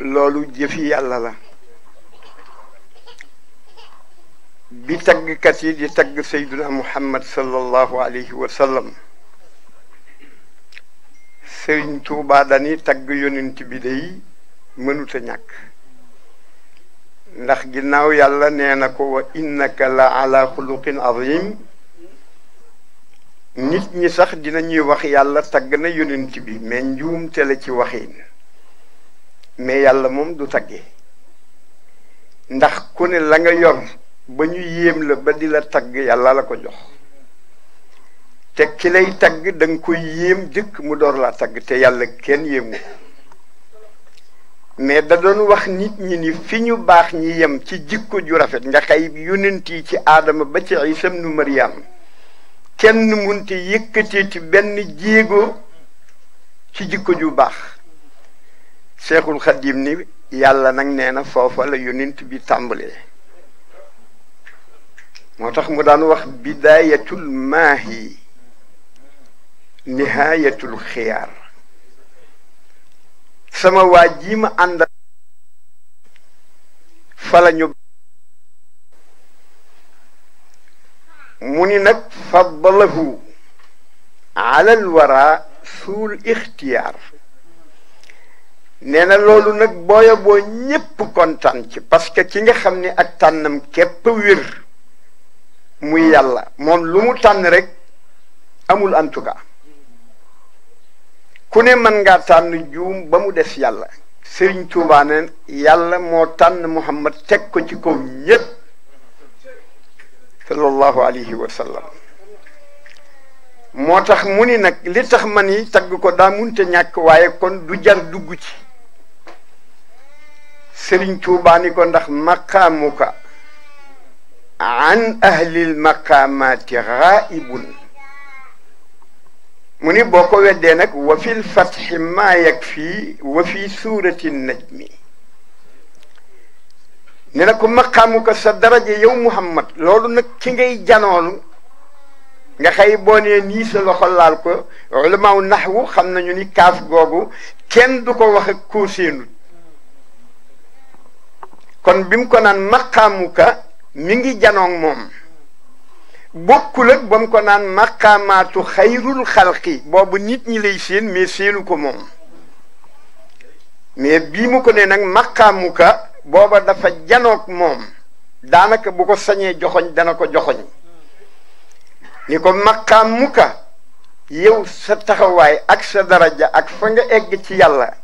loolu jëfi yàlla la bi taggkat yi di tagg sayduna muhammad sallallahu alayhi wa sallam sëriñ tuubaa dani tagg yonent bi day mënuta ñàkk ndax ginnaaw yàlla nee na ko wa innaka la ala xuluqin azim nit ñi sax dina ñuy wax yàlla tagg na yonent bi mais njuumte la ci waxin mais yàlla moom du tagge ndax ku ne la nga yor ba ñu yéem la ba di la tagg yàlla la ko jox te ki lay tagg da koy yéem jëkk mu door laa tagg te yàlla kenn yéemu mais da doon wax nit ñi ni fi ñu baax ñi yem ci jikko ju rafet nga xay yonent yi ci aadama ba ci Isa nu Maryam kenn munte yëkkatee ci benn jéego ci jikko ju baax cheikhul xadim ni yàlla nag nee na foofa la yonent bi tàmbalee moo tax mu daan wax bidayatul maahi nihayatul xiyaar sama waa ji ma àndal fa la ñu mu ni nag faddalahu ala alwara suul ixtiyaar nee na loolu nag booya boo ñépp kontaan ci parce que ki nga xam ni ak tànnam képp wér muy ah. yàlla moom lu mu tànn rekk amul en tout cas ku ne mën ngaa tànn juum ba mu des yàlla sëriñ Tuubaa ne yàlla moo tànn Muhammad teg ko ci kaw ñépp sallallahu alayhi wa sallam moo tax mu ni nag li tax man yi tagg ko daa munte ñàkk waaye kon du jar dugg ci sëriñ Tuubaa ni ko ndax maqaamuka an ahlil maqaamaati gaaibun mu ni boo ko weddee nag wa fil fatxi maa yakfi wa fi suurati najmi ne na ko maqaamuka sa daraja yow Muhammad loolu nag ci ngay janoon nga xëy boo nee nii loxo laal ko ulamaaw naxwu xam nañu ni kaaf googu kenn du ko wax ak koo kon bi mu ko naan maqaamuka mi ngi janoog moom bokkul ak ba mu ko naan maqaamaatu xayrul xalqi boobu nit ñi lay séen mais séenu ko moom mais bi mu ko ne nag maqaamuka booba dafa janoog moom daanaka bu ko sañee joxoñ dana ko joxoñ ni ko maqaamuka yow sa taxawaay ak sa daraja ak fa nga egg ci yàlla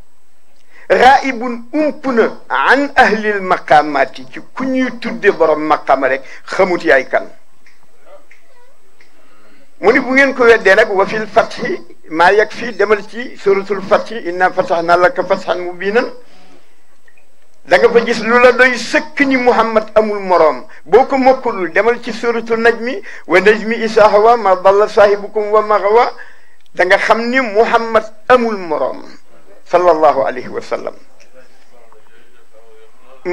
raibun ump na an ahlil maqaamaat yi ci ku ñuy tudde borom maqaama rek xamut yaay kan mu ni bu ngeen ko weddee nag wa fil fathi maa yeg fii demal ci suratul fathi inna fatahna laka fathan mubinan da nga fa gis lu la doy sëkk ni muhammad amul moroom boo ko mokkulul demal ci suratul najmi wa najmi isa hawa ma dalla saahibukum wa ma gawa da nga xam ni muhammad amul moroom صلى الله عليه وسلم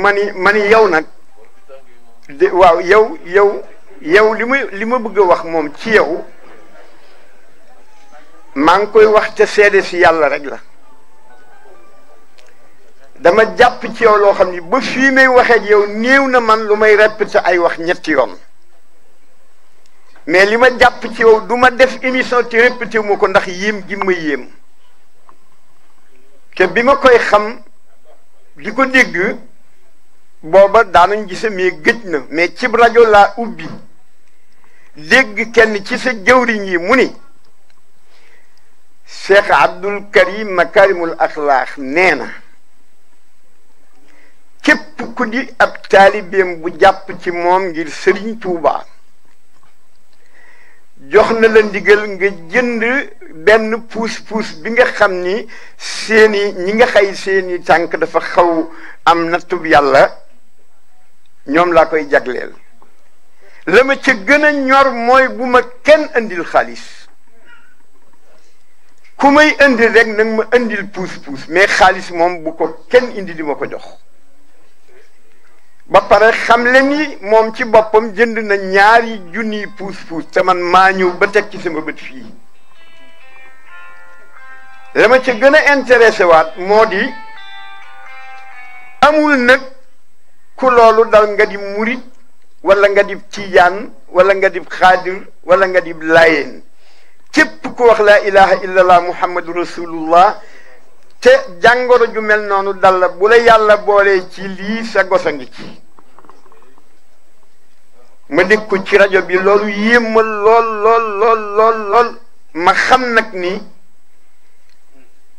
ماني ماني ياو نك واو ياو ياو ياو لي لي ما بغي واخ موم تي ياو مان كوي واخ تي سيدي سي يالا رك لا داما جاب تي ياو لو خامي با في مي واخك ياو نيو نا مان لوماي ريبيت اي واخ نيت يوم مي لي ما جاب تي ياو دوما ديف ايميسيون تي ريبيتي موكو نداخ ييم جي ما ييم te bi ma koy xam di ko dégg booba daanañ gise mais gëj na mais cib rajo la ubbi dégg kenn ci sa jëwriñ yi mu ni Cheikh Abdul Karim Makarimul laax nee na képp ku di ab taalibeem bu jàpp ci moom ngir Sëriñ Tuubaa jox na la ndigal nga jënd benn puus puus bi nga xam ni seeni ñi nga xay seeni tànk dafa xaw am na nattub yàlla ñoom laa koy jagleel la ma ca gën a ñor mooy bu ma kenn indil xaalis ku may indil rek nag ma indil puus puus mais xaalis moom bu ko kenn indi di ma ko jox ba pare xamle ni moom ci boppam jënd na ñaari junniy puus puus te man maa ñëw ba teg ci sama bët fii la ma ca gën a intéressé waat moo di amul nag ku loolu dal nga di murit wala nga di tiyaan wala nga di xaadir wala nga di layeen képp ku wax la ilaha illallah muhammadu rasulullah te jàngoro ju mel noonu dal la bu la yàlla boolee ci lii sa gosa ci ma dégg ko ci rajo bi loolu yéem ma lool lool lool ma xam nag ni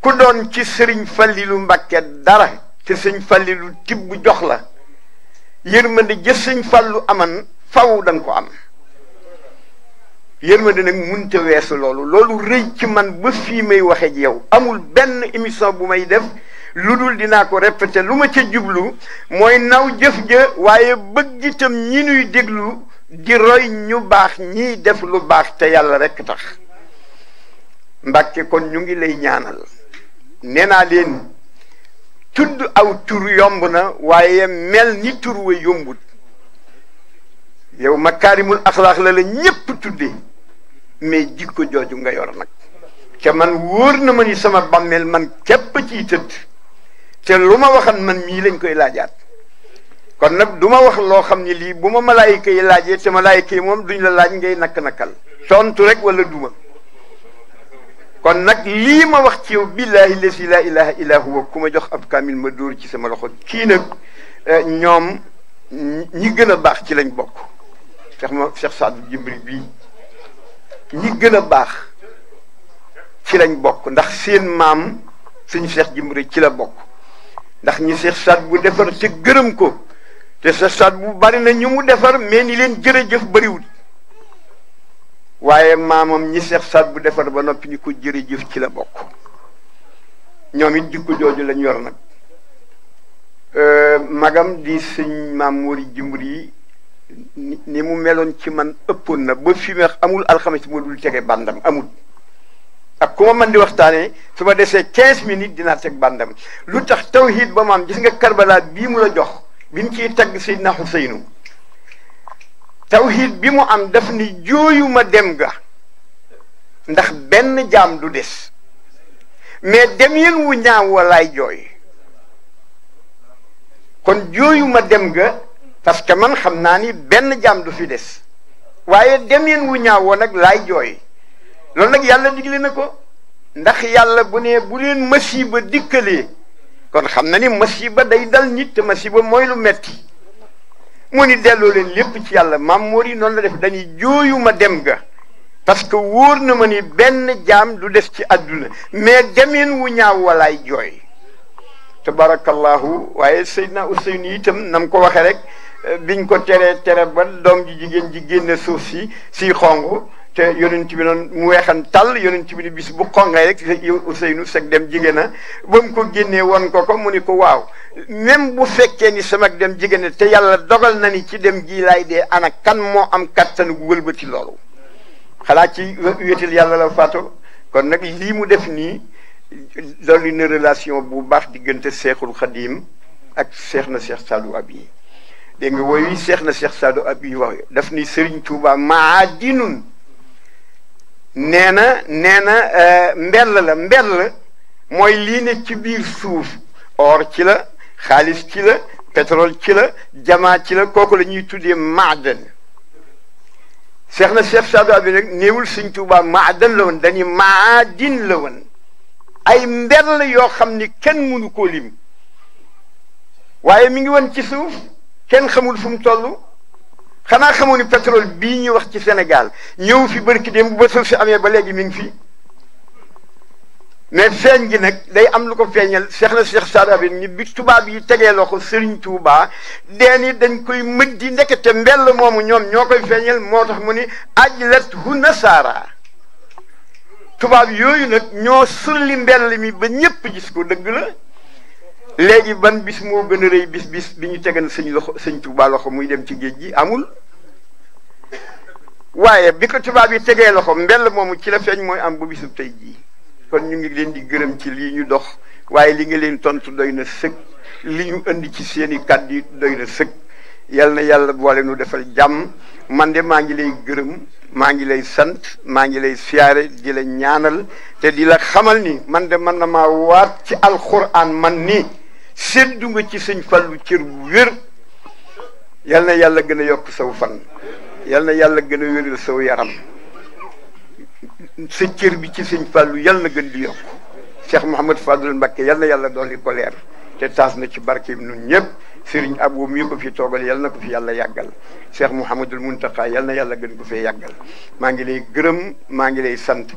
ku doon ci sëriñ Fallilu Mbàkke dara ci sëñ Fallilu tibb jox la yërmande jë sëñ Fallu aman faw dañ ko am yërmande nag munta weesu loolu loolu rëy ci man ba fii may waxe ak yow amul benn émission bu may def lu dul dinaa ko répété lu ma ca jublu mooy naw jëf ja waaye bëgg itam ñi nuy déglu di roy ñu baax ñiy def lu baax te yàlla rek tax Mbàkke kon ñu ngi lay ñaanal nee naa leen tudd aw tur yomb na waaye mel ni tur wa yombut yow makaarimul axlaax la la ñépp tudde mais jikko jooju nga yor nag ca man wóor na ma ni sama bàmmeel man képp ciy tëdd te lu ma waxan man mii lañ koy laajaat kon nag du ma wax loo xam ne lii bu ma malaayika yi laajee te malaayika yi moom duñ la laaj ngay nakk-nakkal tontu rek wala duma kon nag lii ma wax ci yow billahi lesi la ilaha illa ku ma jox ab kaamil ma dóor ci sama loxo kii nag eh, ñoom ñi gën a baax ci lañ bokk Cheikh ma Cheikh Saadu Jibril bii ñi gën a baax ci lañ bokk ndax seen maam suñu seex jimbiri ci la bokk ndax ñi seex saat bu defar ci gërëm ko te seex saat bu bari na ñu mu defar mais ni leen jërëjëf bariwul waaye maam moom ñi seex saat bu defar ba noppi ñu ko jërëjëf ci la bokk ñoom it jikko jooju lañ yor nag euh, magam di sëñ maam Mori jimbiri yi ni mu meloon ci man ëppoon na ba fi meex amul alxames moo dul tege bàndam amul ak ku ma mën di waxtaanee su ma desee quinze minutes dina teg bàndam lu tax tawhid ba maam gis nga karbala bii mu la jox bi ñu ciy tagg Seydina Xuseynu tawhid bi mu am daf ni jooyu ma dem ga ndax benn jaam du des mais dem yéen wu ñaaw walaay jooy kon jooyu ma dem ga parce que man xam naa ni benn jaam du fi des waaye demeen wu ñaaw wa nag laay jooy loolu nag yàlla digle na ko ndax yàlla bu ne bu leen masiba dikkalee kon xam na ni masiba day dal nit te masiba mooy lu metti moo ni delloo leen lépp ci yàlla maam moor yi noonu la def dañuy jooyu ma dem ga parce que wóor na ma ni benn jaam du des ci àdduna mais demeen wu ñaaw walaay jooy tabarakallahu waaye Seydina Ousseynou itam nam ko waxee rek biñ ko teree tere ba doom ji jigéen ji génne suuf si si xong te yonent bi noonu mu weexan tàll yonent bi ni bis bu xongee rek yow Ousseynou sag dem jigéen a ba mu ko génnee won ko ko mu ni ko waaw même bu fekkee ni sama dem jigéen te yàlla dogal na ni ci dem ji laay dee ana kan moo am kattan gu wëlbati loolu xalaat ci wéetal yàlla la faatu kon nag lii mu def nii dolli na relation bu baax diggante seexul xadim ak seex na seex Saliou Abi dégg nga woyu seex na seex Saadu ab yi wax def ni Serigne Touba maadinun nee na nee na euh, mbell la mbell mooy lii ne ci biir suuf or ci la xaalis ci la pétrole ci la jamaa ci la kooku la ñuy tuddee maadan seex na seex Saadu néewul Serigne Touba maadan la woon dañuy maadin la ay mbell yoo xam ni kenn mënu koo lim waaye mi ngi woon ci suuf. كن خمول فمتلو خنا خموني بترول بيني وقت السنغال نيو في برك ديم بسل سي امي بالي مين في مي فنجي نك داي ام لوكو فنيال شيخنا شيخ سارابي ني بي توبا بي تيغي لوكو سيرن توبا ديني دنج كوي مدي نك تي مبل موم نيوم نيوكاي فنيال موتاخ موني اجلت هو نصارى توبا يوي نك نيو سولي مبل مي با نييب جيسكو دغلا léegi ban bis moo gën a rëy bis bis bi ñu tegan sëñ loxo sëñ Tuubaa loxo muy dem ci géej gi amul waaye bi ko tubaab yi tegee loxo mbell moomu ci la feeñ mooy am bu bisub tey jii kon ñu ngi leen di gërëm ci lii ñu dox waaye li nga leen tontu doy na li ñu indi ci seeni kàddu yi doy na sëkk yal na yàlla boole nu defal jàmm man de maa ngi lay gërëm maa ngi lay sant maa ngi lay siyaare di la ñaanal te di la xamal ni man de man na maa waat ci alxuraan man nii séddu nga ci sëñ Fallu cër bu wér yal na yàlla gën a yokk saw fan yal na yàlla gën a wéral saw yaram sa cër bi ci sëñ Fallu yal na gën di yokk Cheikh Mouhamad Fadul Mbakke yal na yàlla dolli ko koleer te taas na ci barkeem nun ñëpp sëriñ Abo mi ko fi toogal yal na ko fi yàlla yàggal Cheikh Mouhamadul Muntaqa yal na yàlla gën ko fee yàggal maa ngi lay gërëm maa ngi lay sant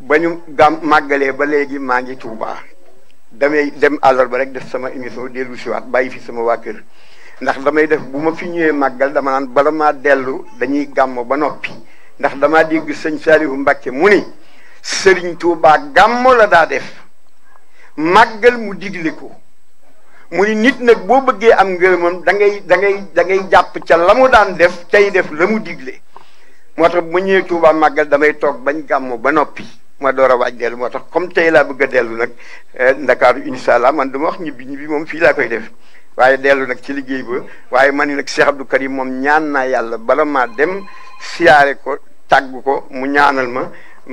bañu ñu màggalee ba léegi maa ngi Tuubaa damay dem ba rek def sama émission dellu si waat bàyyi fi sama waa ndax damay def bu ma fi ñëwee màggal dama naan bala maa dellu dañuy gàmm ba noppi ndax damaa dégg sëñ Saalihu Mbàkke mu ni sëriñ Tuubaa gàmm la daa def màggal mu digle ko mu ni nit nag boo bëggee am ngërëmam dangay dangay dangay jàpp ca la mu daan def tey def la mu digle moo tax ma ñëwee Tuubaa màggal damay toog bañ gàmm ba noppi ma door a waaj dellu moo tax comme tey laa bëgg a dellu nag eh, ndakaaru incha allah man du wax ñibbi ñibbi moom fii laa koy def waaye dellu nag ci liggéey ba waaye man ni nag Cheikh Abdou Karim moom ñaan naa yàlla bala maa dem siyaare ko tàgg ko mu ñaanal ma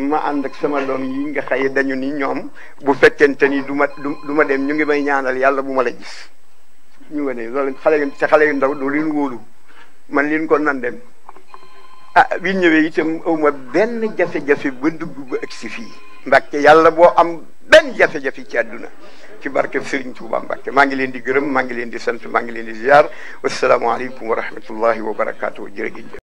ma ànd ak sama doom yi nga xëy dañu ni ñoom bu fekkente ni du ma du ma dem ñu ngi may ñaanal yàlla bu ma la gis ñu nga ne loolu xale te yu ndaw du leen wóolu man leen ko nan dem ah bi ñëwee itam awma benn jafe-jafe ba dugg ba ak si fii Mbàkke yàlla boo am benn jafe-jafe ci àdduna ci barke Serigne Touba Mbacke maa ngi leen di gërëm maa ngi leen di sant maa ngi leen di ziar wasalaamaaleykum wa rahmatullahi wa barakaatu jërëjëf